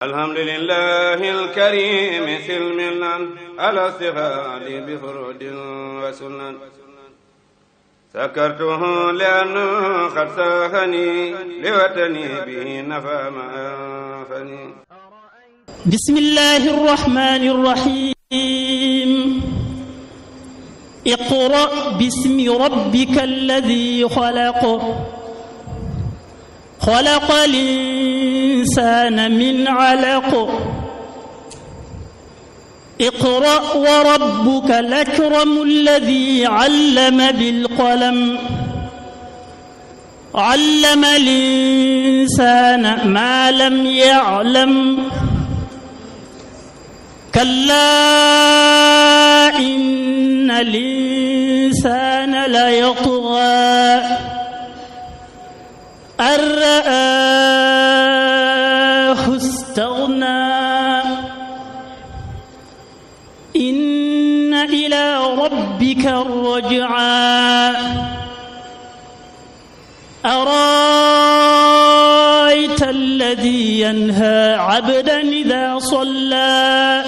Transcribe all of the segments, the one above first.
الحمد لله الكريم سلم على استغال بفرود وسنن سكرته لأنه قد ساخني لوطني به نفى ما أنفني بسم الله الرحمن الرحيم اقرأ باسم ربك الذي خلق خلق الإنسان من علق اقرأ وربك الأكرم الذي علم بالقلم علم الإنسان ما لم يعلم كلا إن الإنسان ليطغى أن رآه استغنى إن إلى ربك الرجعى أرايت الذي ينهى عبدا إذا صلى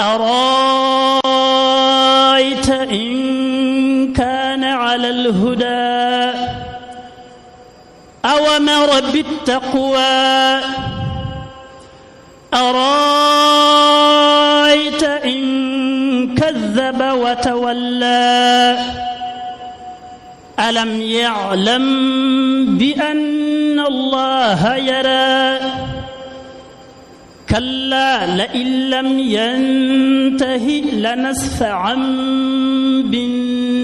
أرايت إن كان على الهدى أومر بالتقوى أرايت إن كذب وتولى ألم يعلم بأن الله يرى كلا لئن لم ينته لنسفعا بالنسبة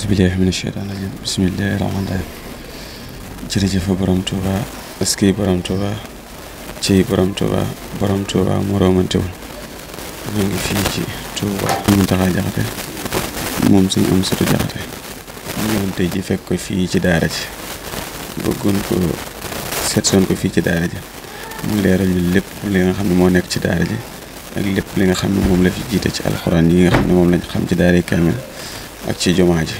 auzubillahi mina sheytaan rajim bismillahi rahmaan rahim jërëjëfa borom tuuba aski borom tuuba ci borom tuuba borom tuuba moroomantewul ñu ngi fii ci tuuba mu taxaa jaxate moom suñu am sutu jaxate ñëwoon tey ji fekk ko fii ci daara ji bëggoon ko seetsoon ko fii ci daara ji mu leeral ñu lépp li nga xam ne moo nekk ci daara ji ak lépp li nga xam ne moom la fi jiite ci alxuraan yi nga xam ne moom lañ xam ci daara kaamil ak ci jumaa ji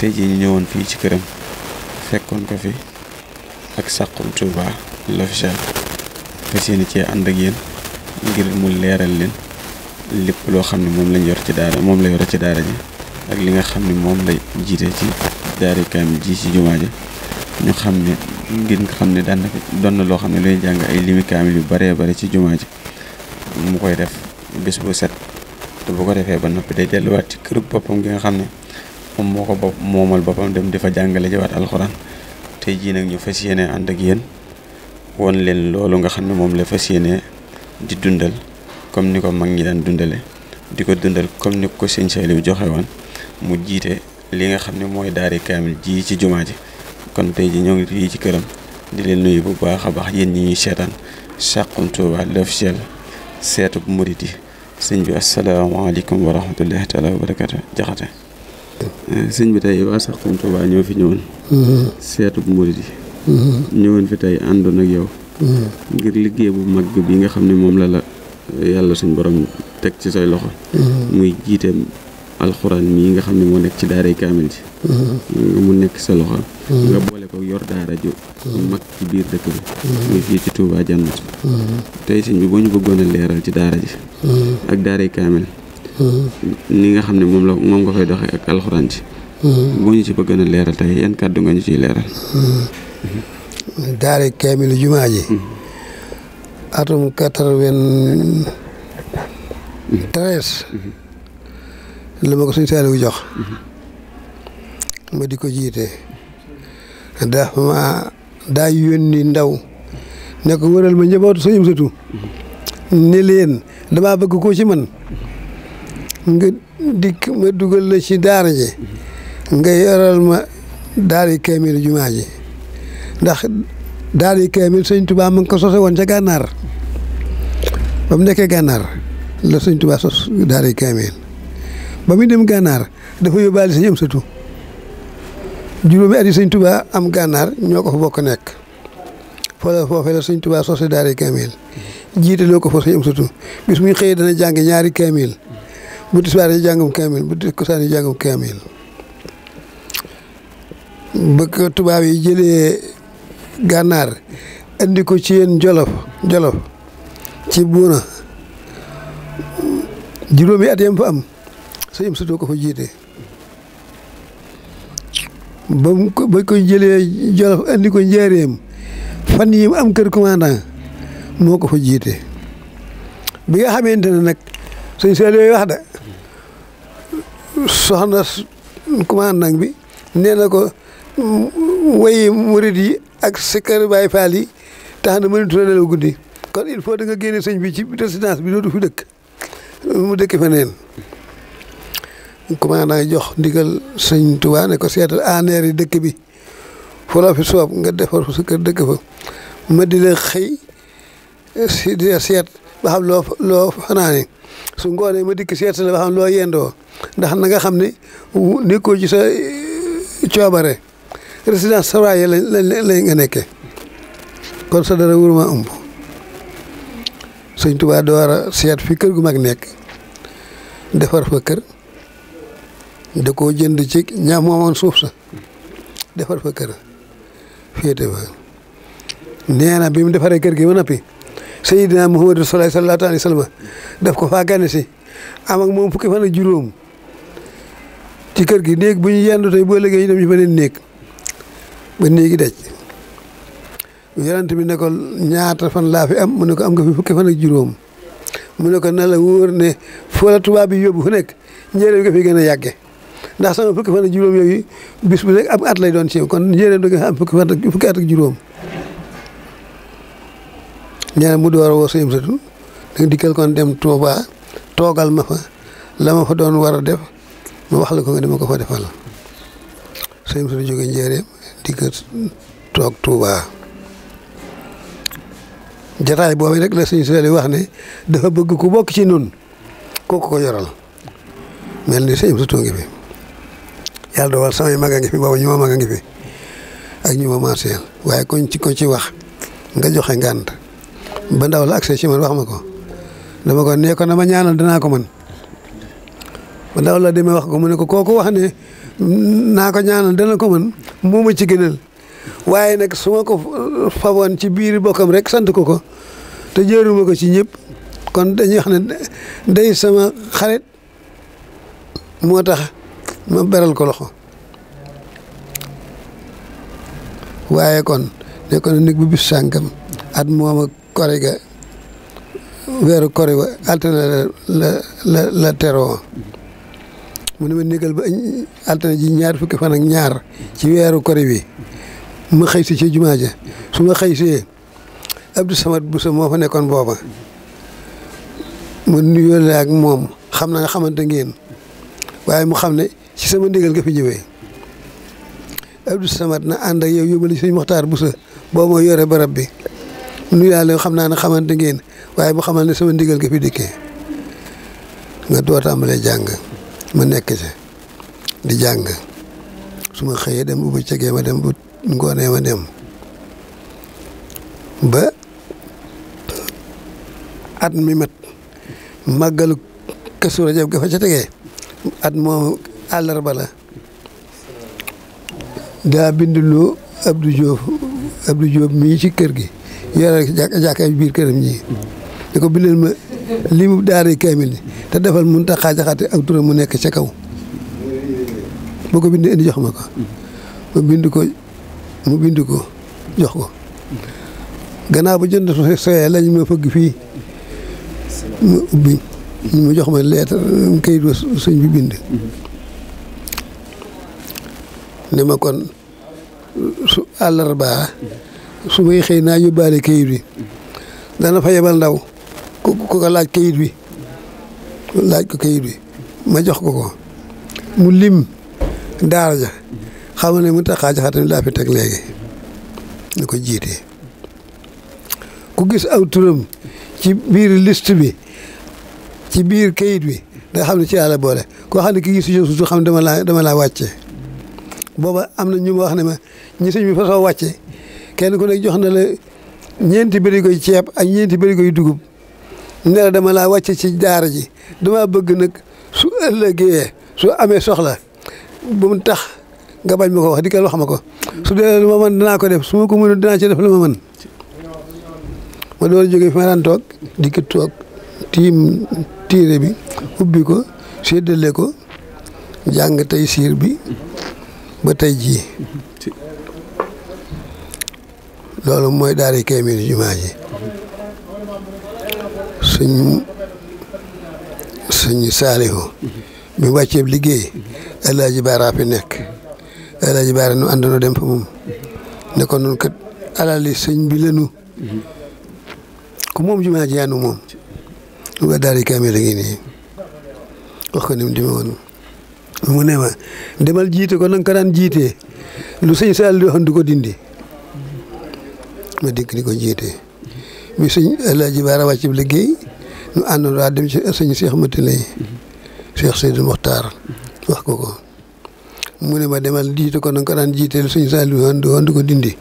tey jii ñu ñëwoon fii ci këram fekkoon ko fi ak Saxum Touba l'officiel fas yéene cee ànd ak yéen ngir mu leeral leen lépp loo xam ne moom lañ yor ci daara moom la yor ci daara ji ak li nga xam ne moom la jiite ci daari kaam ji ci jumaa ji ñu xam ne ngir nga xam ne daanaka doon na loo xam ne lay jàng ay limi kaamil yu baree bare ci jumaa ji mu koy def bés bu set te bu ko defee ba noppi day delluwaat ci kër poppam gi nga xam ne moom moo ko bopp moomal boppam dem di fa jàngale ji waat alxuraan tey jii nag ñu fas yéene ànd ak yéen won leen loolu nga xam ne moom la fas yéene di dundal comme ni ko mag ñi daan dundale di ko dundal comme ni ko sëñ Saliou joxe woon mu jiite li nga xam ne mooy daari kaamil ji ci jumaa ji kon tey ji ñoo ngi fii ci këram di leen nuyu bu baax a baax yéen ñi ñuy seetaan Saxum Touba l'officiel seetu murit yi sëñ bi asalaamaaleykum wa rahmatullahi taala wa barakatu jaxate sëñ bi tey waa Saxum Touba ñoo fi ñëwoon. seetub murid yi. ñëwoon fi tey àndoon ak yow. ngir liggéey bu mag bi nga xam ne moom la la yàlla suñ borom teg ci say loxo. muy jiite alxuraan mii nga xam ne moo nekk ci daaray kaamil ji. mu nekk sa loxo. nga boole ko yor daara ju mag ci biir dëkk bi. muy fii ci Touba jànnat. tey sëñ bi boo ñu bëggoon leeral ci daara ji. ak daaray kaamil. li nga xam ne moom la moom nga koy doxee ak alxuraan ci hmm. boo ñu ci bëggoon a leeral tey yan kàddu nga ñu ciy leeral hmm. daara kaamilu jumaa ji hmm. atum quatre vingt la ma ko suñ jox ma di ko jiite dafa ma daa yónni ndaw ne ko wëral ma njabootu sëñum sëtu ne leen damaa bëgg ko ci man nga dikk ma dugal la ci daara ji nga yoral ma yi kaamil jumaa ji ndax daari kaamil sëñ tubaa mu ngi ko sose woon ca gànnaar ba mu nekkee gànnaar la sëñ tubaa sos daari kaamil dem gànnaar dafa yóbbaale sëñ am yi am gànnaar ñoo ko nekk foola foofee la sëñ tubaa sose daari kaamil jiite loo ko fa sëñ am satu bis muy xëyee dana jàng ñaari kaamil bu tisbaar yi jàngum kaamil bu takkusaan yi jàngum kaamil ba ko tubaab yi jëlee gànnaar andi ko ci yéen jolof jolof ci buuna juróomi at yam fa am sëñ am sutoo ko fa jiite ba mu ko ba ko jëlee jolof andi ko njaareem fan yim am kër commandant moo ko fa jiite bi nga xamante ne nag sëñ Saliou wax da soxna commandant bi nee na ko wayi murid yi ak sikkar Baay Faal yi tax na mënatu la nelaw guddi kon il faut da nga génne sëñ bi ci résidence bi dootu fi dëkk mu dëkk feneen commandant jox ndigal sëñ Tuubaa ne ko seetal aneer yi dëkk bi fu fi soob nga defar fu sa kër dëkk fa ma di la xëy si di seet ba xam loo loo su ngoonee ma dikk seet la ba xam loo yendoo ndax na nga xam ni nekkoo ci sa eh, coobare résidence sawaaye lañ nga nekke kon sa dara wuruma ëmb sëñ Tuubaa door a seet fi kër gu mag nekk defar fa kër da koo jënd ci ñaam moomoon suuf sa defar fa kër féete fa nee bi mu defaree kër gi ba noppi Seydina Muhammadu sallallahu alayhi wa sallam def ko faa gane si am moom fukki fan ak juróom ci kër gi néeg bu ñu yendu tey boo liggéey ñu dem ci beneen néeg ba néegi daj yonent bi ne ko ñaata fan laa fi am mu ne am nga fi fukki fan ak juróom mu ne ko na la wóor ne foo la tubaab bi yóbbu fu nekk njëriñ nga fi gën a yàgge ndax sama fukki fan ak juróom yooyu bis bu nekk am at lay doon ci kon njëriñ nga am fukki fan ak at ak juróom nee na mu door a woo sëñ Amsatu da dikkal kon dem Touba toogal ma fa la ma fa doon war a def ma wax la ko nga dama ko fa defal sëñ Amsatu jóge Njaaréem dikk toog Touba jataay boobu rek la sëñ Saliou wax ne dafa bëgg ku bokk ci nun kooku ko mel ni sëñ Amsatu ngi fi yàlla mag a ngi fi boobu ñu ma mag ngi fi ak ñu ma marcel waaye kuñ ci ko ci wax nga joxe ngànt ba ndaw la accès ci man wax ma ko ko ne na ma ñaanal danaa ko man ba la demee wax ko mu ne ko kooku wax ne naa ko ñaanal dana ko man moo ma ci gënal waaye nag suma ma ko faboon ci biir bokkam rek sant ko ko te jëruma ko ci ñëpp kon dañuy wax ne day sama xarit moo tax ma beral ko loxo waaye kon nekkoon na nekk bu bis sànkam at moom kori ga weeru kori ba altine la la la teroo mu ne ma négal ba altine ji ñaar fukki fan ak ñaar ci weeru kori bi ma xëy si ci jumaa ja su ma xëy si Abdou samat Bousso moo fa nekkoon booba mun nuyoo la ak moom xam na nga xamante ngeen waaye mu xam ne ci sama ndigal nga fi ñëwee Abdou Samad na ànd ak yow yóbbali sëñ Moxtaar Bousso boo moo yore barab bi nuyaale xam naa ne xamante ngeen waaye bu xamal ne sama ndigal nga fi dikkee nga doo tàmbalee jàng ma nekk ci di jàng su ma xëyee dem bu bëccëgee ma dem bu ngoonee ma dem ba at mi mat màggalu Kazu Rajab ga fa ca tegee at moom àllarba la daa bind loo Abdou Diop mii ci kër gi yore jàkkaay biir këram ñii di ko bindal ma li mu daaree kaamil yi te defal mun tax xaajaxaate ak turam mu nekk ca kaw boo ko bindee indi jox ma ko ma bind ko mu bind ko jox ko gannaaw ba jënd soyee lañ ma fëgg fii ma ubbi mu jox ma leetar kayit wa suñ bi bind ne ma kon su àllarbaa su xëy naa yóbbaale kayit bi dana fa yebal ndaw ku ko laaj kayit bi laaj ko kayit bi ma jox ko ko mu lim daara ja xam ne mu taxaa jaxa tamit laa fi teg léegi ñu ko jiite ku gis aw turam ci biir list bi ci biir kayit bi da xam ne ci yàlla boole koo xam ne ki gis si suuf xam dama laa dama laa wàccee booba am na ñu ma wax ne ma ñi sëñ bi fa soo wàccee kenn ko nekk jox na la ñeenti bërigoy ceeb ak ñeenti bërigoy dugub ne dama laa wàcce ci daara ji dama bëgg nag su ëllëgee su amee soxla bu mu tax nga bañ ma ko wax di ko wax ma ko su dee lu ma mën dinaa ko def su ma ko mënul danaa ci def lu ma mën ma door jógee fi ma daan toog di ko toog tiim tiire bi ubbi ko séddale ko jàng tey siir bi ba tey jii loolu mooy daari Kamil jumaa ji suñ suñ saalihu bi mu liggéey El Hadj fi nekk El Hadj nu àndandoo dem fa moom ne ko noonu kat alali sëñ bi lenu ku moom jumaa ji yaanu moom lu ngi nii wax ko ni mu demee woon mu ne demal jiite ko na nga ko lu suñ Saalihu waxoon du ko dindi. ma dikk di ko jiite. bi suñ El Hadj Baara wàcc la liggéey ñu àndoon waa dem ci suñu Cheikh Matina yi. Cheikh Seydou Mokhtar wax ko ko. mu ne ma demal jiite ko na nga ko daan jiiteel suñu saali woon di ko dindi.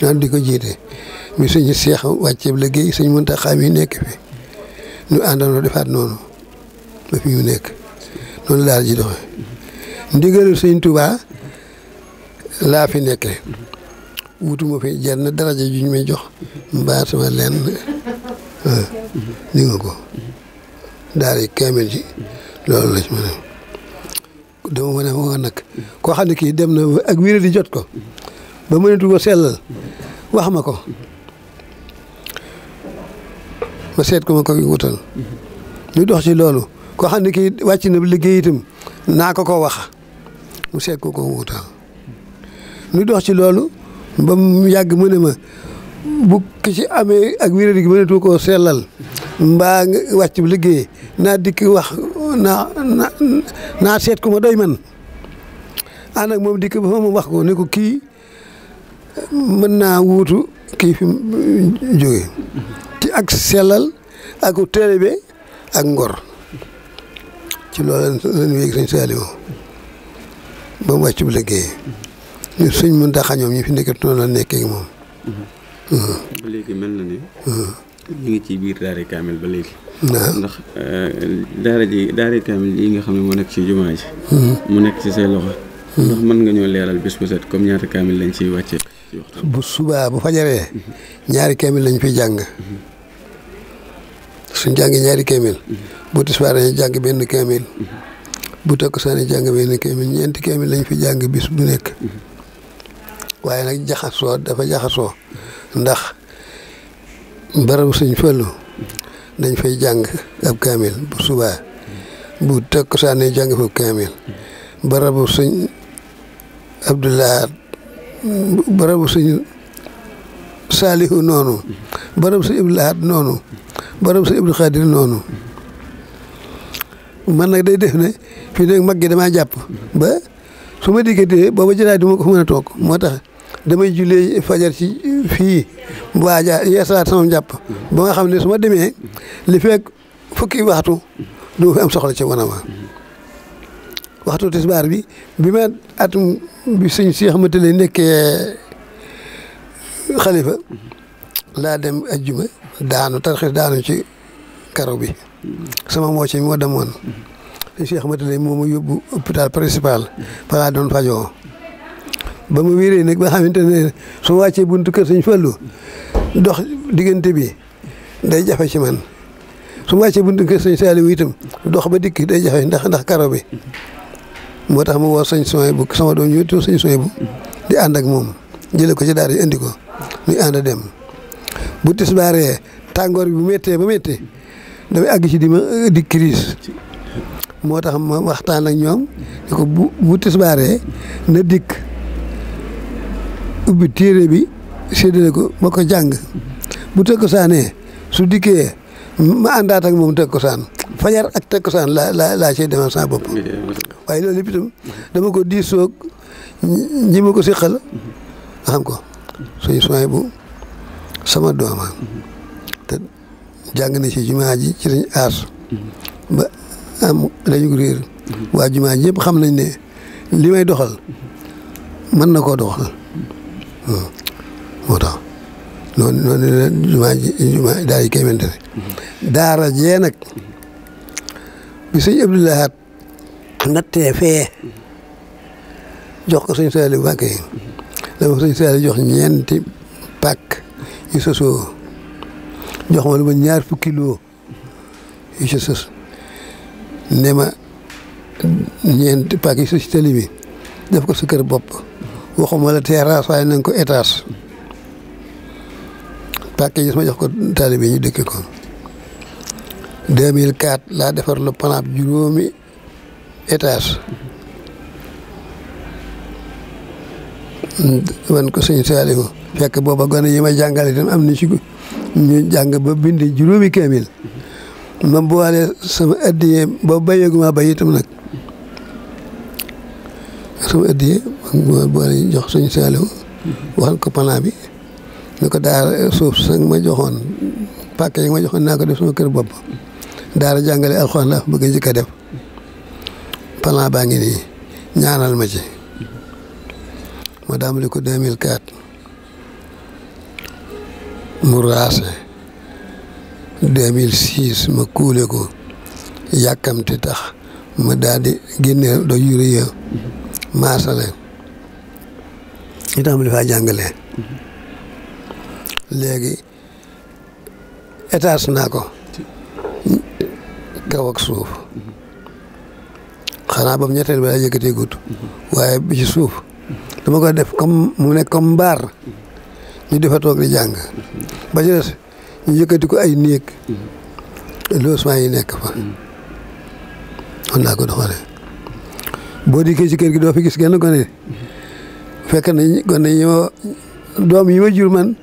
daan di ko jiite bi suñu Cheikh wàcc bi liggéey suñu Muntaxa nekk ñu àndoon defaat noonu ba fi mu nekk noonu laal ji doxee. ndigalu suñ Tuubaa laa fi nekkee. wutuma fi jenn daraja ju ñu may jox mbaa sama lenn ah, ni nga ko daal di kaamil ji loolu la ci mën a dama mën a xam ne kii dem na ak wér di jot ko ba mënatu ko wax ma ko ma seet ko ma ko wutal ñu dox ci loolu koo xam ne kii wàcc na liggéey itam naa ko ko wax mu seet ko ko wutal ñu dox ci loolu ba mu yàgg mu ne ma bu ki ci amee ak wérér gi mënatu koo sellal mbaa nga wàcc bu liggéey naa dikk wax naa naa naa seet ku ma doy man ànd moom dikk ba fa ma wax ko ne ko kii mën naa wuutu kii fi jóge ci ak sellal ak tërëbe ak ngor ci loolu lañ yëg sëñ Saliou ba mu wàcc bu liggéey suñ sëñ Muntaxa ñoom ñu fi nekk noonu la nekkee moom. na ne. ñu ngi ci biir Daara Kamil ba léegi. waaw ndax eh, Daara ji Daara Kamil yi nga xam ne mu nekk ci jumaa ji. Hmm. mu nekk ci say loxo. Hmm. ndax mën nga ñoo leeral bis bu set comme ñaari Kamil lañ ciy wàccee. bu subaa bu fajaree. Hmm. ñaari Kamil lañ fiy jàng. suñ jàngee ñaari Kamil. bu tisbaar dañuy jàng benn Kamil. bu takkusaan jàng benn Kamil ñeenti Kamil lañ fi jàng bis bu nekk. waaye nag jaxasoo dafa jaxasoo ndax barabu suñ Fallu dañ fay jàng ab kaamil bu subaa bu takk saa ne jàng fa kaamil barabu sëñ Abdullah barabu sëñ Saalihu noonu barabu sëñ Abdul noonu barabu sëñ Abdul Xaadir noonu man nag day def ne fii nag mag gi damaa jàpp ba su ma dikkee booba jëlaat bi ma ko fa mën a toog moo tax damay jullee fajar ci fii waaja yeesalaat sama njàpp ba nga xam ne suma demee li fekk fukki waxtu du ma fi am soxla ci wanama waxtu tisbaar bi bi ma atum bi sëñ si xamante ne nekkee xalifa laa dem ajjuma daanu tarxis daanu ci karo bi sama moo ci moo demoon sëñ si xamante ne moom a yóbbu hôpital principal fa laa doon fajoo ba mu wéree nag ba xamante ne su ma wàccee buntu kër sëñ Fallou dox diggante bi day jafe ci man su wàccee buntu kër sëñ Saliou itam dox ba dikk day jafe ndax ndax karo bi moo tax mu woo sañ Soye bu sama doom ñëw tuuti sëñ Soye bu di ànd ak moom jële ko ci daara yi indi ko muy ànd dem bu tisbaaree tàngoor bi bu méttee ba méttee damay àgg ci di ma di crise moo tax ma waxtaan ak ñoom ne ko na dikk. ubbi téere bi séddale ko ma ko jàng bu takkusaanee su dikkee ma àndaat ak moom takkusaan fayar ak takkusaan laa laa laa cay demal sa bopp waaye loolu lépp dama ko diisoog ñi ma ko siqal xam ko suñu soin bu sama dooma te jàng na ci jumaa ji ci lañ aas ba am lañu réer waa jumaa ji yëpp xam nañ ne li may doxal na koo doxal moo tax noonu noonu la jumaa ji jumaa daara ji kéemante ne daara jee nag bi sëñ Abdou Lahad nattee fee jox ko sëñ Saliou Mbacké dama ko sëñ Saliou jox ñeenti pàkk yu sosoo jox ma lu ma ñaar fukki loo yu ci sos ne ma ñeenti pàkk yu sos ci tali bi def ko sa kër bopp waxuma la terrasse waaye nañ ko étage paquet yi ma jox ko taalibe yi ñu dëkk ko 2004 laa defar lu panaab juróomi étage wan ko sëñ Saalihu fekk booba gone yi ma jàngale itam am na ci ñu jàng ba bind juróomi kaamil ma boole sama addiye ba bayeegu ma bay nag sama ëddiyee ma boole jox suñu saaliw waxal ko plan bi ne ko daara suuf sang ma joxoon pàkk yi ma joxoon naa ko def suma kër bopp daara jàngale alxuraan laa bëgg njëkk a def plan baa ngi nii ñaanal ma ci ma daamali ko 2004 mu raase 2006 ma kuule ko yàkkamti tax ma daal di génne do yuré maasale itam dafaa jàngale léegi étage naa ko kaw suuf xanaa ba mu ñetteel ba la yëkkatee gudd waaye bi ci suuf dama ko def comme mu nekk comme mbaar ñu defa toog di jàng ba ci des ñu yëkkati ko ay néeg logement yi nekk fa on naa ko doxalee boo dikkee ci kër gi doo fi gis genn gone fekk nañ gone yi ma doom yi ma jur man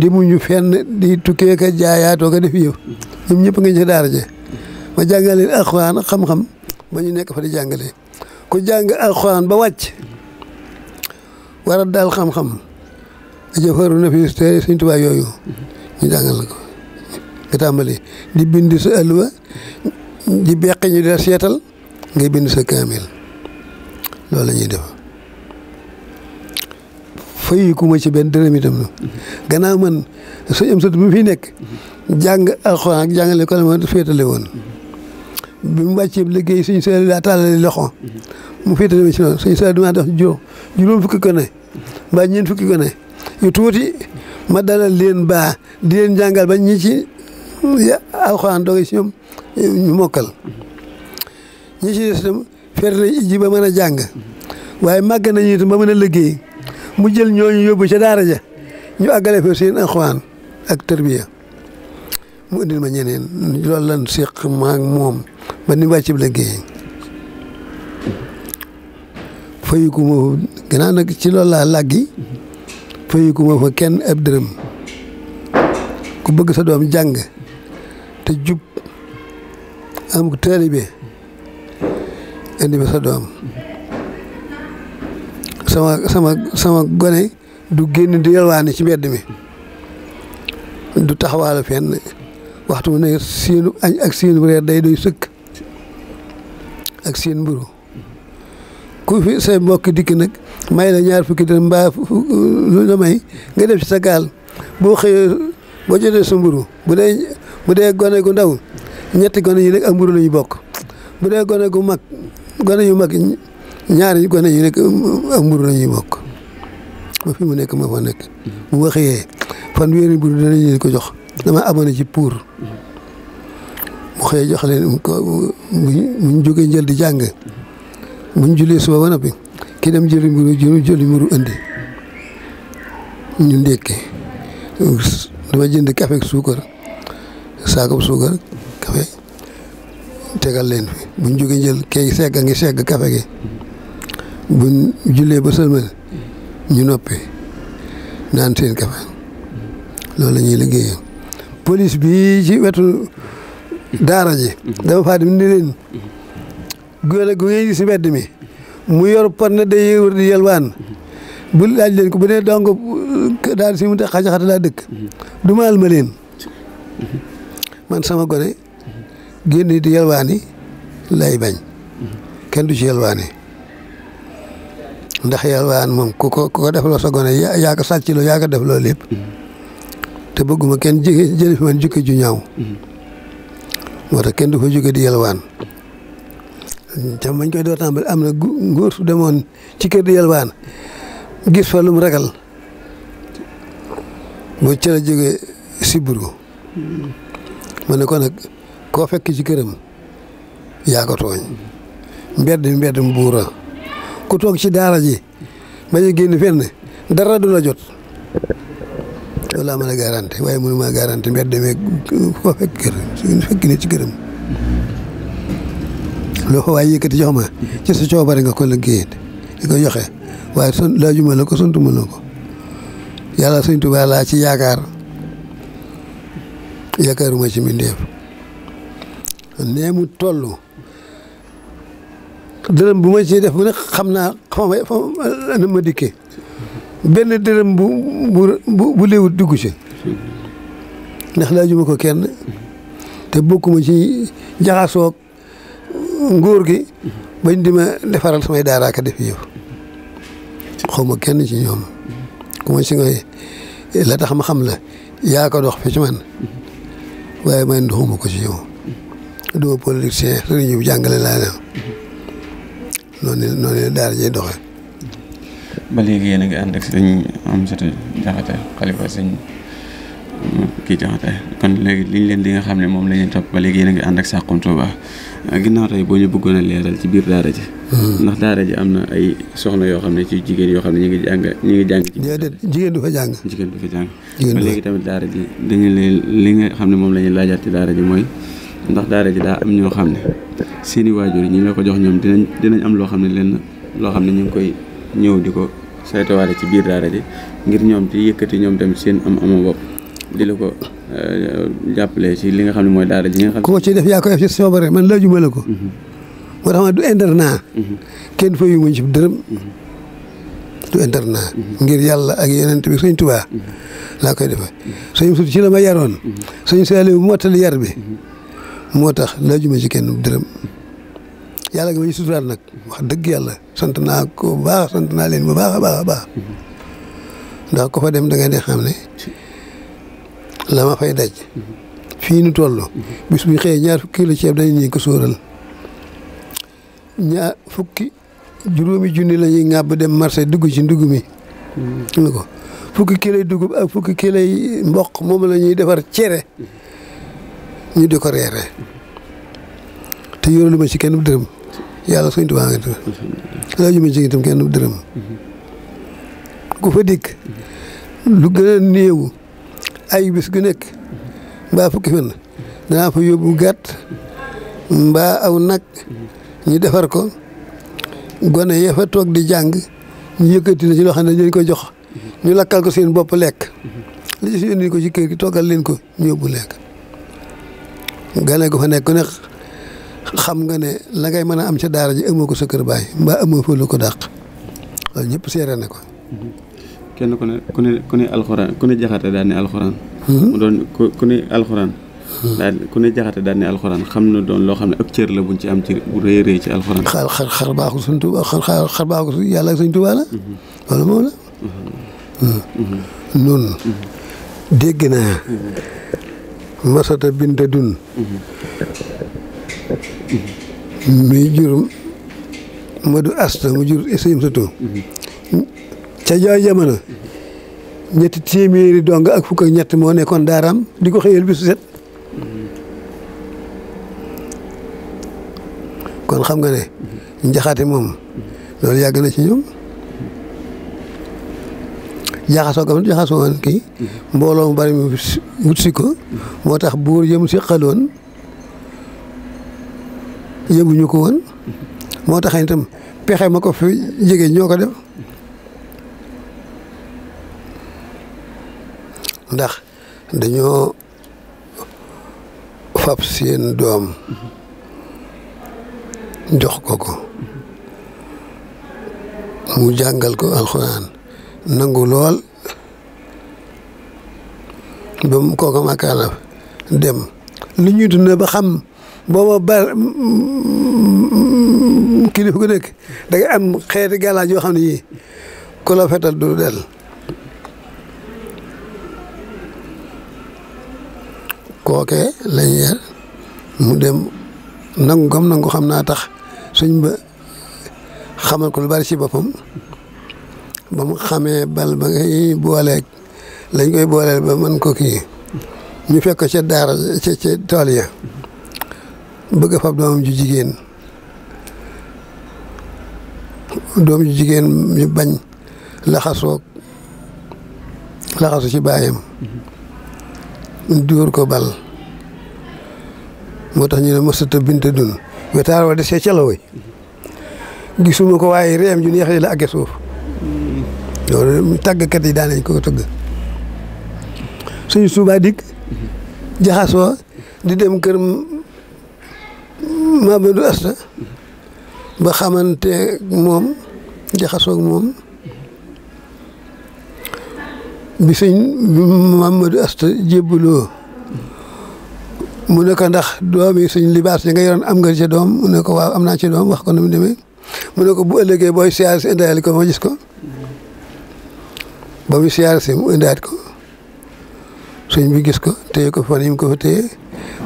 di muñu fenn di tukkee ka jaayaatoo ka def yow ñoom ñëpp nga ci daara je ma jàngaleen alxuraan xam-xam ba ñu nekk fa di jàngale ku jàng alxuraan ba wàcc war a daal xam-xam jëfaru na fi te suñ tubaab yooyu ñu jàngal la ko nga tàmbali di bind sa ëlluwa di beqe ñu di la ngay bind sa kaamil loolu la ñuy def fayu ku ci benn dërëm itam na gannaaw man sëñ am sët bi fi nekk jàng alxuraan ak jàngale ko la ma féetale woon bi mu wàccee liggéey suñ sëriñ laa tàllale loxo mu féetale ma ci noonu suñ sëriñ damaa dox juróom juróom fukki ko ne mbaa ñeent fukki ko ne yu tuuti ma dalal leen ba di leen jàngal ba ñi ci alxuraan doge si ñoom ñu ñi ci des itam fer nañ ijji ba mën a jàng waaye màgg nañu itam ba mën a liggéey mu jël ñooñu yóbbu ca daara ja ñu àggale fa seen alxuraan ak tarbiya mu indil ma ñeneen loolu lan séq maag moom ba ni wàccib liggéey fa gannaaw nag ci loolu laa làggi fayiku ma fa kenn ab dërëm ku bëgg sa doom jàng te jub am indi sa doom sama sama gone du génn di yalwaani ci mbedd mi du taxawaalu fenn waxtu mu ne seenu añ ak seenu reer day doy sëkk ak seen mburu ku fi say mbokk dikk nag may la ñaar fukki dërëm mbaa lu la may nga def ci sa gaal boo xëyee boo jotee su mburu bu dee bu dee gone gu ndaw ñetti gone yi nag ak mburu la bokk bu dee gone gu mag gone yu mag yi ñaari gone yi rek ak mburu la ñuy bokk ma fi mu nekk ma fa nekk bu ma xëyee fanweeri mburu danañ leen ko jox dama abonné ci pour mu xëyee jox leen ko muñ njël di jàng buñ julee suba ba noppi ki dem jëli mburu jël jëli mburu indi ñu ndékki dama jënd café ak suukar saakoob suukar café tegal leen fi buñ jógee jël kay a ngi segg kafe gi buñ jullee ba sëlmal ñu noppi naan seen kafe loolu la ñuy liggéeyee police bi ci wetu daara ji dama faa dem ni leen gu ngeen si mbedd mu yor pot na day wër di yelwaan bu laaj leen ko bu dee donc daal si mu te xajaxata laa dëkk du maal ma man sama gone génn di yalwaani lay bañ mm-hmm. kenn du ci yalwaani ndax yalwaan moom ku ko ku ko defloo gone yaa ko sàcc loo yaa ko def loolu lépp mm-hmm. te bëgguma kenn jege jële fi man jukki ju ñaaw mm-hmm. moo kenn du fa jóge di yalwaan tam mañ koy doo tàmbali am na góor su demoon ci kër di yalwaan gis fa lu mu ragal boo ca la jógee siburu ma ne ko nag koo fekk ci këram yaa ko tooñ mbedd mbedd mbuura ku toog ci daara ji bañ a génn fenn dara du la jot loolu laa mën a garanti waaye mënu maa garanti mbedd meeg koo fekk kër fekk nit ci këram loo ko waaye yëkkati jox ma ci sa coobare nga ko liggéey di ko joxe waaye son laajuma la ko sontuma la ko yàlla Sëñ Tuubaa laa ci yaakaar yaakaaruma ci mbindeef nee mu toll dërëm bu ma ci def mu ne xam naa xam na ma dikkee benn dërëm bu bu bu dugg ci ndax laajuma ko kenn te bokkuma ci jaxasoog nguur gi bañ di ma defaral samay daaraaka def yow xaw ma kenn ci ñoom ku ma la tax ma xam la yaa ko dox fi ci man waaye man doxuma ko ci yow te du ma politicien sëriñ bi jàngale laa ne noonu la noonu la daara jee doxee. ba léegi yéen a ngi ànd ak sëñ Amsatou Diakhaté xalifa leen di nga xam ne moom la ñuy topp ba léegi a ngi ànd ak Saxum Touba ah, ginnaaw tey boo ñu bëggoon a leeral ci biir daara ji. Hmm. ndax daara ji am na ay soxna yoo xam ne ci jigéen yoo xam ne ñu ngi jàng ñu ngi jàng. déedéet jigéen du fa jàng. jigéen du fa jàng. jigéen léegi tamit daara ji dañu li nga xam ne moom lañu ñuy laajaat ci daara ji mooy. ndax daara ji daa am ñoo xam ne seeni waajur ñi nga ko jox ñoom dinañ dinañ am loo xam ne leen loo xam ne ñu ngi koy ñëw di ko saytuwaale ci biir daara ji ngir ñoom di yëkkati ñoom tamit seen am amoo bopp di la ko euh, jàppale si li nga xam ne mooy daara ji nga xam ko ci def yaa ko def ci sama bare man laajuma la ko mhm. moo tax ma du internat mhm. kenn fa yu muñ ci dërëm mhm. du internat ngir yàlla ak yeneen bi sëñ Tuubaa laa koy defee sëñ Musu ci la ma yaroon sëñ Saaliw mottali yar bi moo tax laajuma ci kenn dërëm yàlla gi ma ñu suturaat nag wax dëgg yàlla sant naa ko baax sant naa leen bu baax a baax a baax ndax ko fa dem da nga ne xam ne la ma fay daj fii nu toll bis bu xëyee ñaar fukki kilo ceeb dañu ñu ko sóoral ñaar fukki juróomi junni la ñuy ŋàbb dem marché dugg ci ndugg mm. ko fukki kilo dugub ak fukki kilo mboq moom la ñuy defar cere ñu di ko reere te yore lu ma ci kenn bu dërëm yàlla suñ tubaa nga dëgg laaju ma ci kenn bu dërëm ku fa dikk lu gën a néew ay bis gu nekk mbaa fukki fan danaa fa yóbbu gàtt mbaa aw nag ñu defar ko gone ya fa toog di jàng ñu yëkkati na ci loo xam ne dañ ko jox ñu lakkal ko seen bopp lekk li ci yónnee ko ci kër gi toggal leen ko ñu yóbbu lekk gane gu fa nekk ku ne xam nga ne la ngay mën a am ca daara ji amoo ko sa kër baay mbaa amoo fa ko dàq loolu ñëpp seere na ko. kenn ku ne ku ne ku alxuraan ku ne jaxate daal ne alxuraan. Hmm? mu doon ku ne alxuraan. Hmm. daal ku ne jaxate daal doon loo xam ne ab cër la buñ ci am ci bu rëy rëy ci alxuraan. xar xar xar baaxul suñ tuba xar xar baaxul yàlla suñ tuba la. Hmm. loolu moom la. noonu. dégg naa. masata binte dun mi jur madu asta mu jur isim satu ca jaay jamono ñetti téeméeri dong ak fukk ak ñett moo nekkoon daaraam di ko xëyal bisu set kon xam nga ne njaxaate moom loolu yàgg na ci ñoom jaxasoo gam jaxasoo woon kii mbooloo mu bari mu wut ko moo tax buur yëmu si xaloon yëguñu ko woon moo tax itam pexe ma ko fi jege ñoo ko def ndax dañoo fab seen doom jox ko ko mu jàngal ko alxuraan nangu lool ba mu kooka makaana dem lu ñuy dund ba xam booba ba kilifa gu nekk da am xeeti galaaj yoo xam ne yii ku la fetal du del kooke lañ yar mu dem nangu gam nangu xam naa tax suñ ba xamal ko lu bari ci boppam ba mu xamee bal ba ngay booleeg lañ koy booleel ba mën ko kii ñu fekk ca daara ca ca tool ya bëgg a fab doomam ju jigéen doom ju jigéen ñu bañ laxasoo laxasu ci baayam duur ko bal moo tax ñu ne mësata binte dun wetaar wa desee calawoy gisuma ko waaye reem ju neex la agge suuf loolu tàggkat yi daan nañ ko tëgg suñu suubaa dikk jaxasoo di dem kër Mamadou Asta ba xamante moom jaxasoo moom bi sëñ Mamadou Asta jébbaloo mu ne ko ndax doom yi sëñ libaas yi nga yoroon am nga ci doom mu ne ko waaw am naa ci doom wax ko nu mu demee mu ne ko bu ëllëgee booy siyaar si ko ma gis ko ba mu siyaar si mu ko sëñ bi gis ko téye ko fan yim ko fa téye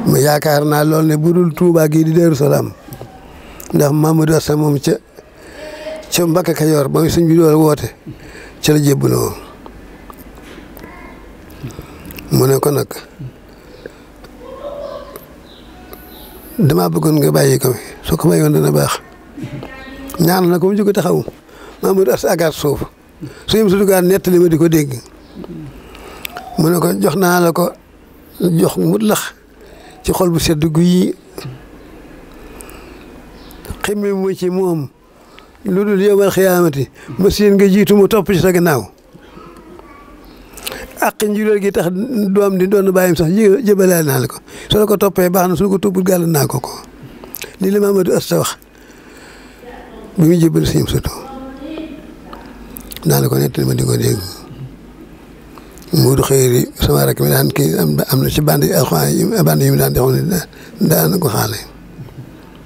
ma yaakaar naa lool ne bu dul Touba gii di Darou Salaam ndax Mamadou Assa moom ca ca Mbacke Kajoor ba sëñ bi dool woote ca la jébbaloo mu ne ko nag damaa bëggoon nga bàyyi ko fi soo ko bàyyoon dana baax ñaan na ko mu jóge taxaw Mamadou Assa agaat suuf suñu mosu dugaan nettali ma di ko dégg mu ne ko jox naa la ko jox mu lax ci xol bu sedd gu yi xeme mu ci moom lu dul yowal xiyaamati ma seen nga jiitu mu topp ci sa gannaaw ak njuleel gi tax doom di doon bàyyim sax jëbalaal naa la ko soo la ko toppee baax na su ko toppul gàll naa ko ko lii la Mamadou Asta wax bi muy jëbal sëñ Sëtu naa la ko nettali ma di ko dégg Moodu Xëyri sama rakk mi daan kii am na ci band a alxuraan yi bande yi mu daan joxoon ne daan ko xaale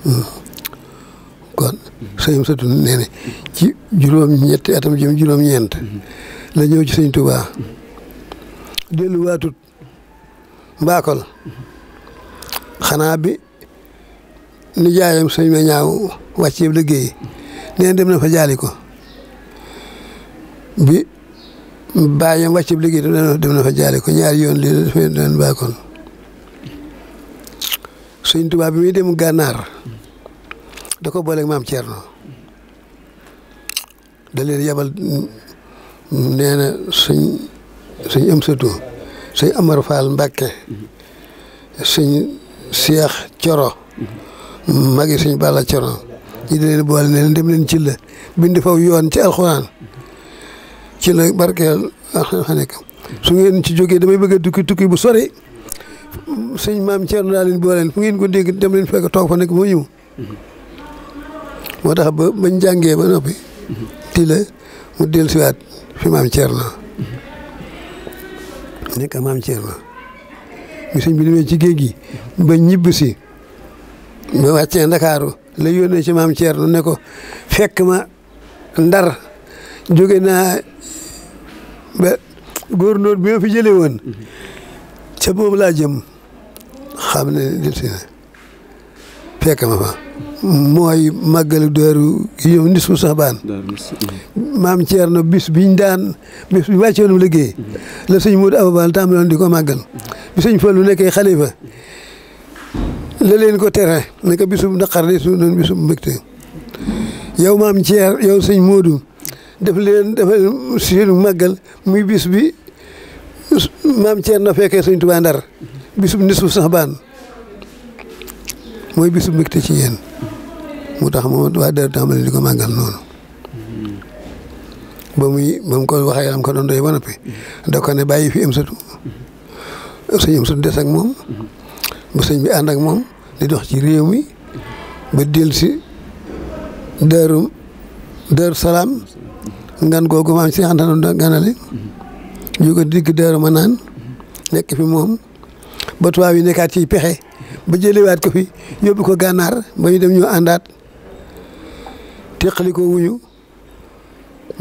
hmm. kon sëñ Satu nee na ci juróom-ñetti atam ñëw ci sëñ Tuubaa delluwaatut mbaakol xanaa bi nijaayam sëñ ma ñaaw wàcceeb liggéey nee dem na fa jaali ko bi bàyyam wàcc bi liggéey dem na fa jaale ko ñaari yoon lii dafa leen baakoon suñ Tuubaa bi muy dem gànnaar da ko booleeg maam Thierno da leen yabal nee na sëñ suñ am satu sëñ Amar Fall Mbàkke sëñ Seex Coro magi sëñ Balla Coro ñi da leen boole nee dem leen ci la bindi faw yoon ci alxuraan ci la barkeel xaneka ah, su ngeen ci jógee damay bëgg a tukki tukki bu sore sëñ maam Thierno daa leen booleen fu ngeen ko dégg dem leen fekk toog fa nekk moo ñëw moo tax ba bañ jàngee ba noppi ti la mu dellu siwaat fi maam Thierno nekk maam Thierno mi sëñ bi demee ci géej gi ba ñibbisi si ma wàccee Ndakaaru la yónnee ci maam Thierno ne ko fekk ma ndar jóge naa ba gouverneur bi ma fi jëlee woon ca boobu laa jëm xam ne dil si ma fa mooy màggalu daaru yow ni su sax baan mhm. maam Thierno bis biñ daan bis bi wàccoonum liggéey mhm. la sëñ Modou Awa Baan tàmbaloon di ko màggal mhm. bi sëñ Fallu nekkee xalifa la leen ko tere ne ko bisum naqar de su noon bisum mbégte yow maam Thierno yow sëñ Modou def leen defal seen màggal muy bis bi maam Thierno fekkee Sëñ Tuubaa Ndar bisub nisfu Saxbaan mooy bisub mbégte ci yéen mu tax moom waa Daaru tàmbali di ko màggal noonu ba muy ba mu ko waxee am ko doon doy ba noppi da ko ne bàyyi fi am satu sëñ moom ba sëñ bi ànd ak moom di dox ci réew mi ba dellusi Daaru Salaam ngan googu maam si àndana doon ganale jóge mm-hmm. digg deeru ma naan nekk fi moom ba tubaab yi nekkaat ci pexe ba jëliwaat ko fi yóbbu ko gànnaar ba ñu dem ñu àndaat teqali ko wuñu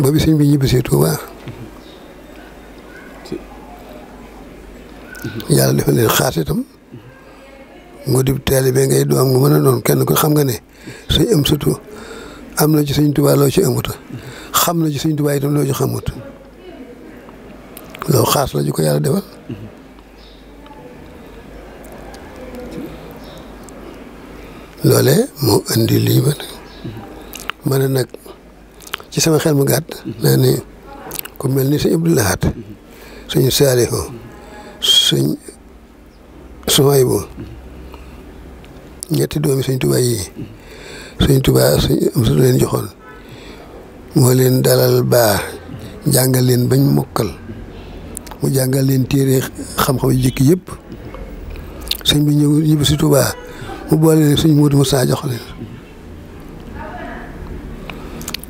ba bi sëñ bi ñibbisee Tuuba mm-hmm. yàlla defal leen xaas tam nga mm-hmm. di taalibe ngay doom nga mën a doon kenn ko xam nga ne suñ am am na ci sëñ Tuuba ci amuta xam na ci suñ tubaab itam loo ci xamut loolu xaas la ñu ko yàlla defal. loolee moo indi lii ba ma ne nag ci sama xel mu gàtt. naa ne ku mel ni sëñ Abdou Lahad suñu Salihu suñ Suwaybu ñetti doomi suñ tubaab yi suñ tubaab suñ am su leen joxoon. moo leen dalal baax jàngal leen bañ mokkal mu jàngal leen téere xam-xam yu jëkk yëpp sëñ bi ñëw ñibbisi si Tuubaa mu boole leen sëñ Moodu Musaa jox leen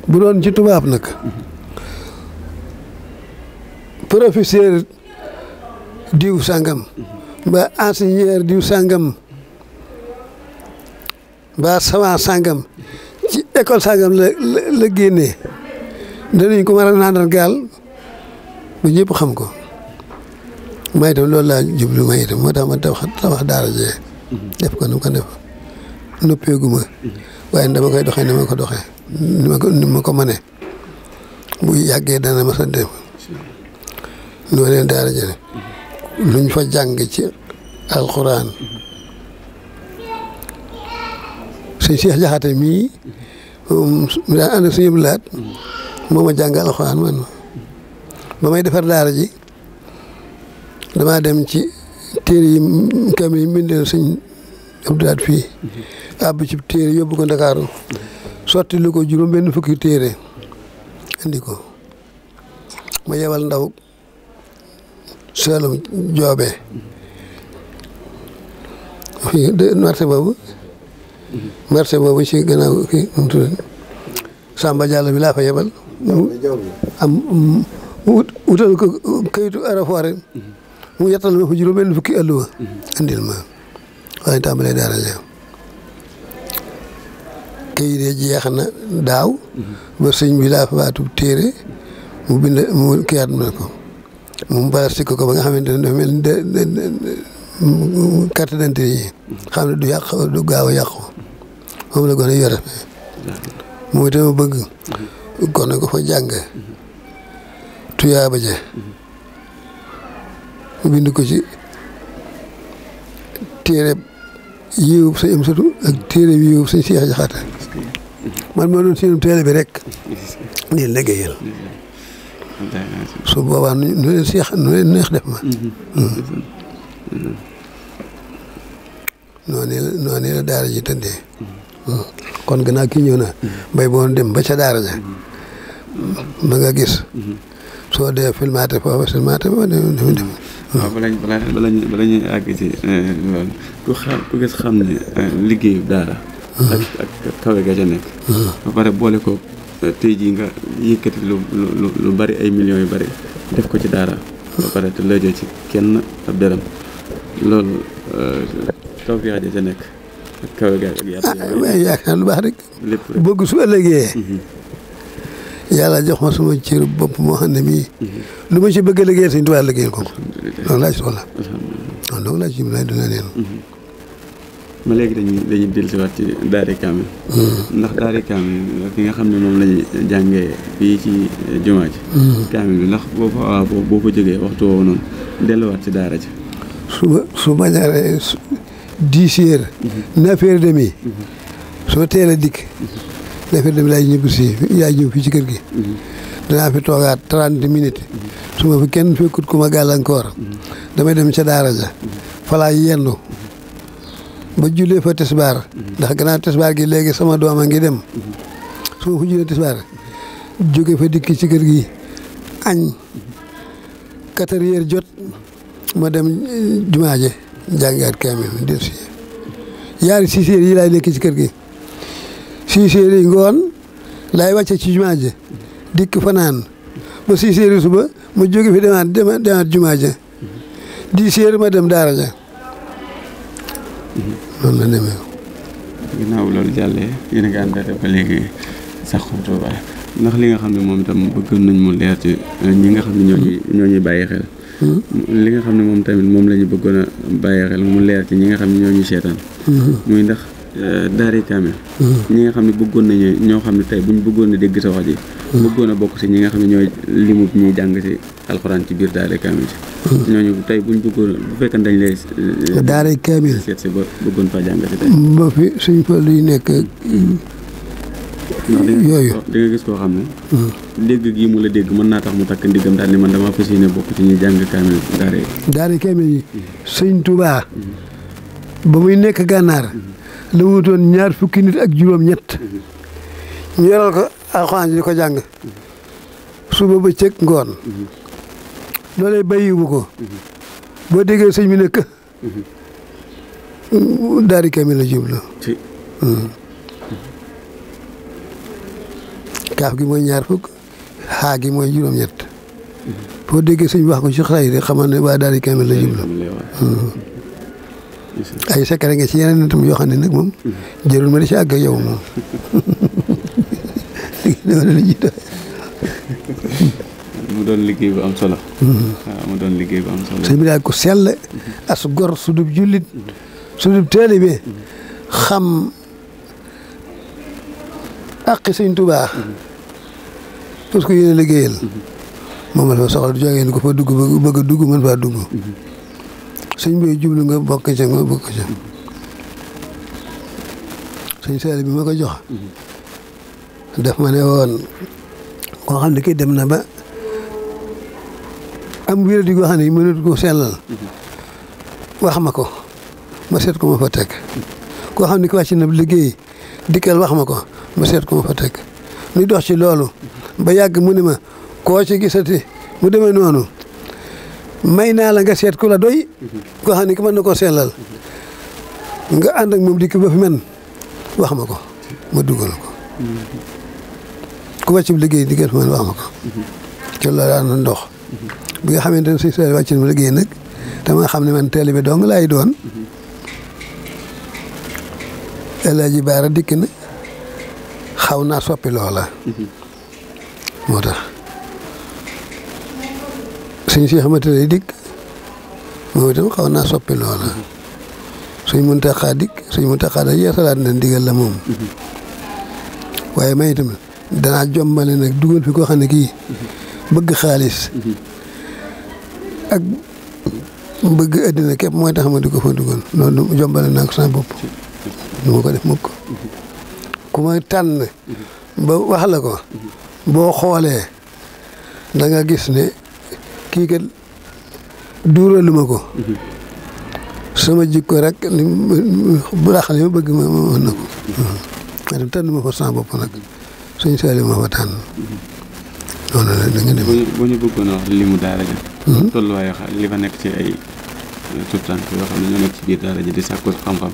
bu doon ci tubaab nag professeur diw sàngam ba ingénieur diw sàngam ba savant sàngam ci école sangam la la génnee danañ ko mën a naanal bu ba ñëpp xam ko may itam loolu laa jublu may itam moo tax ma tabax daara jee def ko nu ko def noppeegu ma koy doxee ni ma ko doxee ni ma ko ni bu yàggee dana ma sa dem loo daara jële luñ fa jàng ci alxuraan sëñ Cheikh Jaxate mii mu um, daan ànd ak suñu laat moo ma jàngal alxuraan man ma ba may defar daara ji damaa dem ci téere yi kam yi mbindee suñ abdulaat fii àbb ci téere yóbbu ko ndakaaru sotti lu ko fukki téere indi ko ma yebal ndaw Saalum Joobe marché boobu marché boobu ci gannaaw kii nu mu tudd Samba Diallo bi laa fa yebal. wutal ko kayitu arafoore mu yettal ma fa juróom-benn fukki alluwa andil ma waaye tàmbalee daara leew kayit yi jeex na daaw ba sëñ bi laa fa baatub téere mu bind mu kiyaat ma ko mu balastik ko ba nga xamante ne dafa mel carte d'identité yi du yàq du gaaw a yàqu moom la gone yore mooy dama bëgg gone ko fa jàng tuyaaba ja mu bind ko ci téere yiwub sa am satu ak téere yiwub sañ si jaxate man ma bi rek nii liggéeyal su boobaa nu neex def ma mm-hmm. Mm. Mm-hmm. noonu la noonu daara ji tëddee. kon gannaaw ki ñëw na. mbay boo dem ba ca daara ja. ma nga gis. soo dee filmaate foofa filmaate ba dem dem. waaw bala ñuy àgg ci eh, loolu ku xam ku gis xam ne eh, liggéeyu daara. ak kawe ga nekk. ba pare boole ko eh, tey jii nga yëkkati lu lu lu bari ay million yu bari def ko ci daara. ba pare te lëjoo ci kenn ab dërëm loolu. tawféex ja ca nekk ak kawe ga ak ah, yàlla yaakaar lu baax rek lépp rek bëgg su ëllëgee mhm. yàlla jox ma suma cër bopp moo xam ne mii mhm. lu ma ci bëgg a liggéeyal Sëñ Tuubaa ko laa ci soxla waaw loolu laa ci lay dina neen mhm. ma léegi dañuy dañuy ci daari kaamil ndax daari kaamil ki nga xam ne moom lañuy jàngee fii ci eh, jumaa ji kaamil bi ndax boo fa ah, waaw delluwaat ci daara ji suba suba jaaree dix heures. Mhm. neuf heures demi. Mhm. soo teel dikk. Mhm. neuf heures demi laay ñëw si yaay ñëw fii ci kër gi. danaa fi toogaat trente minutes. su ma fi kenn fekkut ku ma gàllankoor. damay dem ca daara ja. fa laay yendu. ba jullee fa tisbaar. ndax gannaaw tisbaar gi léegi sama doom a ngi dem. su ma fa jullee jóge fa dikk ci kër gi. añ. quatre jot ma dem eh, jumaaje jàngaat kaamil bi def si yaari six yi laay nekk ci kër gi six yi ngoon laay wàcce ci jumaa ji dikk fanaan ba six heures suba mu jóge fi demaat demaat jumaa ja dix heures ma dem daara ja noonu la demee. ginnaaw loolu jàllee yéen a ngi àndaate ba léegi Saxum Touba ndax li nga xam ne moom itam bëgg nañ mu leer ci ñi nga xam ne ñoo ñoo ñuy bàyyi xel. li nga xam ne moom tamit moom lañu ñu bëggoon a bàyyi mu leer ci ñi nga xam ne ñoo ñu seetaan. muy ndax euh, daaray kaamil ñi nga xam ne bëggoon nañu ñoo xam ne tey bu ñu bëggoon a dégg sa wax ji. bëggoon a bokk si ñi nga xam ne ñooy limu ñuy jàng si alxuraan ci biir daaray kaamil si. ñooñu tey bu ñu bëggoon bu fekkee dañ lay. daaray kaamil seet si ba bëggoon faa jàng si tey. ba fi suñ fa luy nekk. yooyu da gis koo xam ne dégg gii mu la dégg mën naa tax mu takk ndigam daal ni man damaa fas yéene bokk ci ñuy jàng kaamil daara yi daara kaamil yi sëñ Tuubaa ba muy nekk gànnaar la wutoon ñaar fukki nit ak juróom ñett ñu yoral ko alxuraan di ko jàng suba ba cëg ngoon loolee bàyyiwu ko boo déggee sëñ bi nekk daari kaamil la jublu hmm. kaaf gi mooy ñaar fukk xaa gi mooy juróom-ñett boo déggee suñ wax ko ci xasaay rek xamal ne waa daal di kaamil la jublu mm-hmm. ay secret nga ci yeneen itam yoo xam ne nag moom mm-hmm. jërul ma di ci àgg yow moom mu doon liggéey bu am solo. Mm-hmm. waaw mu doon liggéey bu gor su dub jullit su dub taalibe xam aqi sëñ Tuubaa parce que yéen a liggéeyal moom la fa soxla du jógee ko fa dugg bëgg a dugg mën faa dugg sëñ bi jublu nga bokk ca nga bokk ca bi ma ko jox daf ma ne woon koo xam ne kii dem na ba am wér di goo xam ne mënut ko sellal wax ko ma seet ko ma fa teg koo xam ne ki wàcc na liggéey dikkal wax ma ko ma seet ko ma fa ni dox ci loolu ba yàgg mu ni ma koo ci gisati mu demee noonu may naa la nga seet ku la doy mhm. koo xam ki mën na koo sellal mhm. nga ànd ak moom dikk ba fi man wax ma ko ma dugal ko mhm. ku wàccub liggéey di gën man wax ma ko ci la daan ndox bi nga xamante ne si sel wàccin ma liggéey nag dama xam ne man teel bi dong laay doon El Hadj Baara dikk na xaw naa soppi loola moo tax suñ si xamante ne dikk moom itam xaw naa soppi loola suñ mën taxaa dikk suñ mën taxaa da yeesalaat na ndigal la moom waaye may itam danaa jombale nag dugal fi koo xam ne kii bëgg xaalis ak bëgg addina képp mooy tax ma di ko fa dugal loolu jombale naa ko sama bopp du ma ko def mukk ku ma ba wax ko boo xoolee da gis ne kii kat duuralu ma ko. sama jikko rek li bu la xale ma bëgg ma ma na ko. maanaam tànn ma fa sama bopp nag suñu saali ma fa tànn. noonu la da nga dem. bu ñu bëggoon wax li mu daara ji. Hmm? tolluwaayu li fa nekk ci ay tout tànk yoo xam ne ñoo ci biir daara ji di sàkku xam-xam.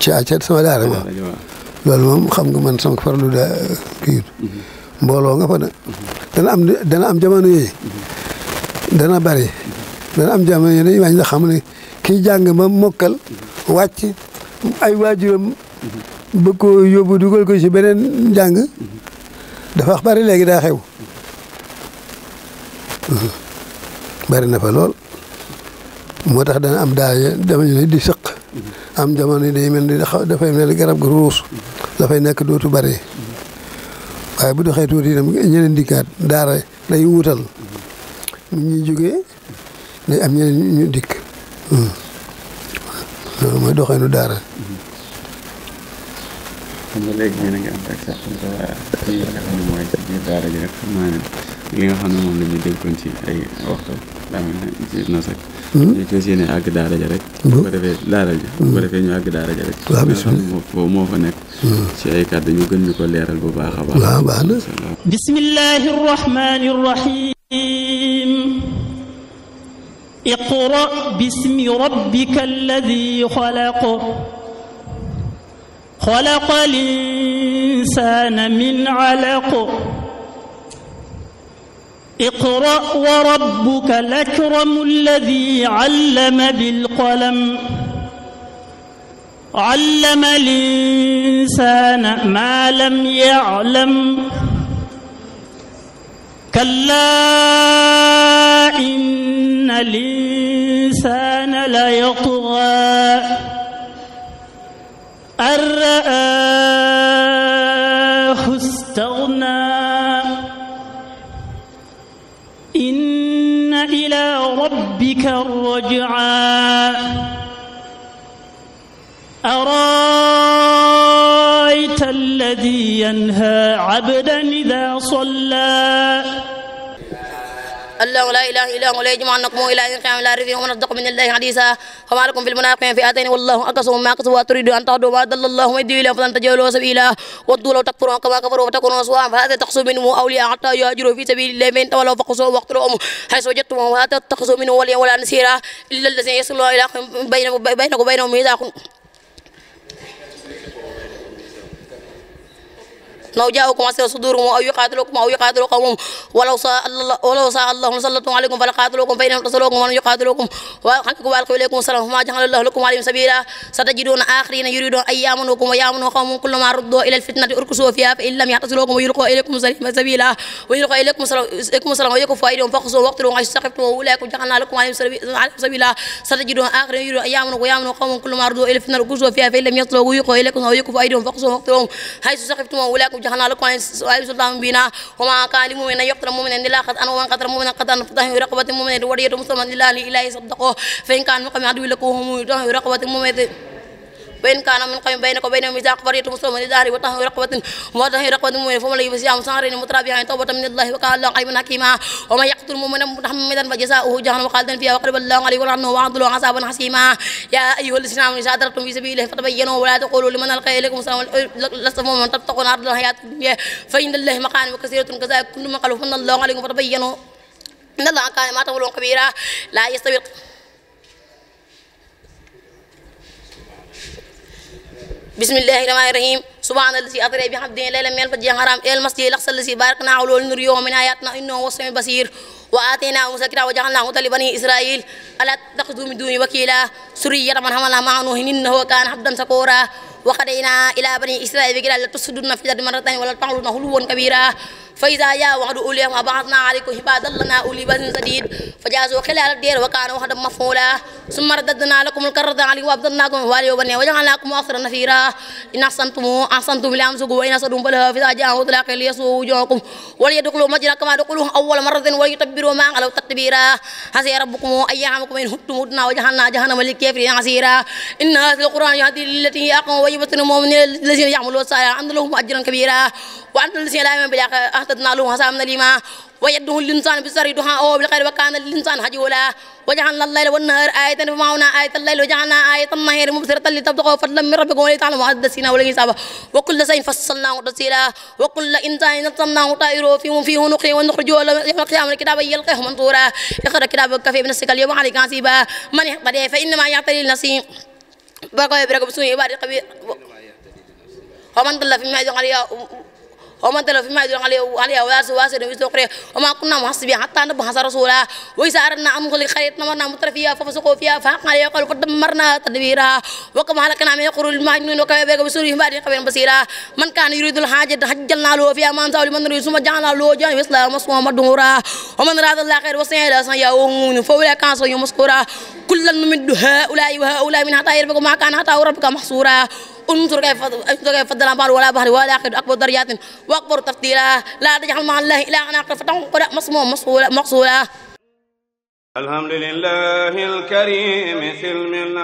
ci ca sama daara loolu moom xam nga man sama farlu daa kii. Hmm. mbooloo nga fa nag dana am dana am jamono yooyu dana bari dana am jamono yooyu dañuy wàññi nga xam ne kii jàng ba mokkal wàcc ay waajuram bëgg ko yóbbu ci beneen jàng dafa bari léegi daa xew bari na fa lool moo tax dana am daa jamono di sëq am jamono yi day mel ni dafay mel ni garab gu ruus dafay nekk dootu bari waaye bu doxee tuuti itam ñeneen dikkaat daara lay wutal ñu ñuy jógee day am ñeneen ñu dikk hmm. mooy doxeenu daara. xam nga léegi nga am daara li nga xam ne moom la ñu déggoon ci ay waxtu daa mel ne ci Hmm? ñu fas yéene àgg daara ja rek bu hmm? ko defee daara ja bu ko hmm. defee ñu àgg daara ja rek waaw bismillah moo fa nekk ci ay kàddu ñu gën ñu ko leeral bu baax a baax waaw baax na bismillahi rahmani rahim iqra bismi rabbika alladi xalaq xalaqa al insana min alaq اقرأ وربك الأكرم الذي علم بالقلم علم الإنسان ما لم يعلم كلا إن الإنسان ليطغى أن مرجعا أرايت الذي ينهى عبدا إذا الله لا اله الا هو لا يجمعنكم الى يوم القيامه لا ريب فيه ومن اصدق من الله حديثا وما لكم في المنافقين فئتين والله اقسم ما كسبوا تريدوا ان تعدوا ما ضل الله ويدي اليهم فلن تجعلوا سبيلا ودوا لو تكفرون كما كفروا وتكونوا سواء فهذا تقصوا منهم اولياء حتى يهاجروا في سبيل الله فان تولوا فاقصوا واقتلوهم حيث وجدتموهم ولا تتخذوا منهم وليا ولا نسيرا الا الذين يصلون الى بينكم وبينهم ميثاق naw jaaw commencé sudurukum aw yuqaatilukum aw yuqaatilu qawmum walaw saa allah walaw saa allahum sallatu alaykum fala qaatilukum fa inhum tasalukum wa lan yuqaatilukum wa ankum wa alqaw ilaykum salam ma jahala allahu lakum alayhim sabila satajiduna akhirin yuridun ay yamanukum wa yamanu qawmun kullama ruddu ila alfitnati urkusu fiha fa in lam yahtasilukum wa yulqu ilaykum sabila wa yulqu ilaykum salam wa yakfu aydihim faqsu waqtulu wa istaqibtu wa ulaikum jahanna lakum alayhim sabila satajiduna akhirin yuridun ay yamanukum wa yamanu qawmun kullama ruddu ila alfitnati urkusu fiha fa in lam yahtasilukum wa yulqu ilaykum salam wa yakfu aydihim faqsu waqtulu wa istaqibtu wa ulaikum جهنم لكم سوائب سلطان بنا وما كان لمؤمن يقتل مؤمنا الا قد ان ومن قتل مؤمنا قد ان فتح رقبه مؤمنا وديه مسلما لله لاله صدقه فان كان مقام عدو لكم هم يطهر رقبه مؤمنا وإن كان من قوم بينكم وبينهم ميثاق فريق مسلم من دار وطهر رقبة وطهر رقبة مؤمن فمن لم يصيام شهرين متتابعين توبة من الله وكان الله عليما حكيما ومن يقتل مؤمنا متعمدا فجزاؤه جهنم خالدا فيها وقرب الله عليه ولعنه وعض له عذابا حسيما يا أيها الذين آمنوا إذا ضربتم في سبيله فتبينوا ولا تقولوا لمن ألقى إليكم السلام لست مؤمنا تبتغون أرض الحياة الدنيا فإن الله مقام كثيرة كذلك كل من قال الله عليكم فتبينوا إن الله كان ما تقولون كبيرا لا يستوي bismillahi rahmaani rahim subhaana lasi atare bi xamdihi laylan minal masjidil haraam ilal masjidil aqsaa lasi baaraknaa loolu nuriyahu min aayaatinaa innahu huwas samiiul basiir wa aataynaa Muusaa kitaaba wa ja'alnaahu hudan li banii Israa'iil alaa tattaxizu min duuni wakiilaa zurriyyata man hamalnaa ma'a Nuuhin innahu kaana abdan shakuuraa wa qadaynaa ilaa banii Israa'iila bi-ghadabin la tufsiduna fil ardi marratayn wa la ta'luuna uluwwan kabiiraa fa idaa jaa wa'du uuliyahum ab'athnaa 'alaykum ibaadan lanaa ulii ba'sin shadiid fajaasuu khilaala deer wa kaana wa'dan maf'uulaa summa radadnaa lakumul karrata 'alayhim wa abadalnaakum wal yawma wa ja'alnaakum aksara nafira in ahsantum ahsantum li anfusikum wa in asa'tum falahaa fa idaa jaa'akum talaaqii liyasuvvuu wujuuhakum wa liyadkhuluu masjidan kamaa dakhaluuhu awwala marratin wa liyutabbiru maa 'alaw tatbiiraa hasiya rabbukum an ya'lamukum in khiftum fitnatan wa ja'alnaa jahannama lil-kaafiriina 'asiiraa inna haadhal qur'aana yahdii lillatii hiya aqwam wa yubashshiru al-mu'miniina allaziina ya'maluuna as-saalihaati anna lahum ajran kabiiraa wa anna allaziina laa yu'minuuna bil-aaxirati تنالوا حسابنا لما ويده الإنسان بالسر دعاء أو بالخير وكان الإنسان حجولا وجعلنا الليل والنهار آية فمعونا آية الليل وجعلنا آية النهار مبصرة لتبتغوا فضلا من ربكم ولتعلموا عدد السنين والحساب وكل شيء فصلناه تفصيلا وكل إنسان نزلناه طائره في فيه نقل ونخرج يوم القيامة كتابا يلقاه منصورا اقرأ كتابك كفى بنفسك اليوم عليك حسيبا من يهتدي فإنما يهتدي لنفسه بركة بركة بسم الله ومن ضل فيما يدعو ومن تلف فيما يدل عليه عليه واسع واسع يستقر وما كنا محسبين حتى نبعث حسن رسولا وإذا أردنا أن نخلق قرية نمرنا متر فيها ففسقوا فيها فحق عليها قالوا قد دمرنا تدبيرا وكما هلكنا من يقر المجنون وكما بيك بسورهم بعد قبل بصيرا من كان يريد الحاجة حجلنا له فيها ما نساو لمن نريد ثم جعلنا له جانب إسلام مصوما مدهورا ومن راد الله خير وسعي إلى سيئون فأولئك عصوا مسكورا كلا نمد هؤلاء وهؤلاء من حتى يرفقوا ما كان حتى ربك محصورا انظر كيف انظر كيف فضل البحر ولا بحر ولا اخر اكبر درجات واكبر تفضيلا لا تجعل مع الله الها اخر فتنقل مصموم مقصولا الحمد لله الكريم سلم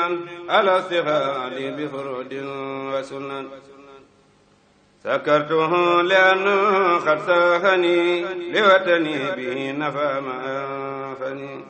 على استفاد بفرود وسنن سكرته لأنه قد ساخني لوطني به نفى ما أنفني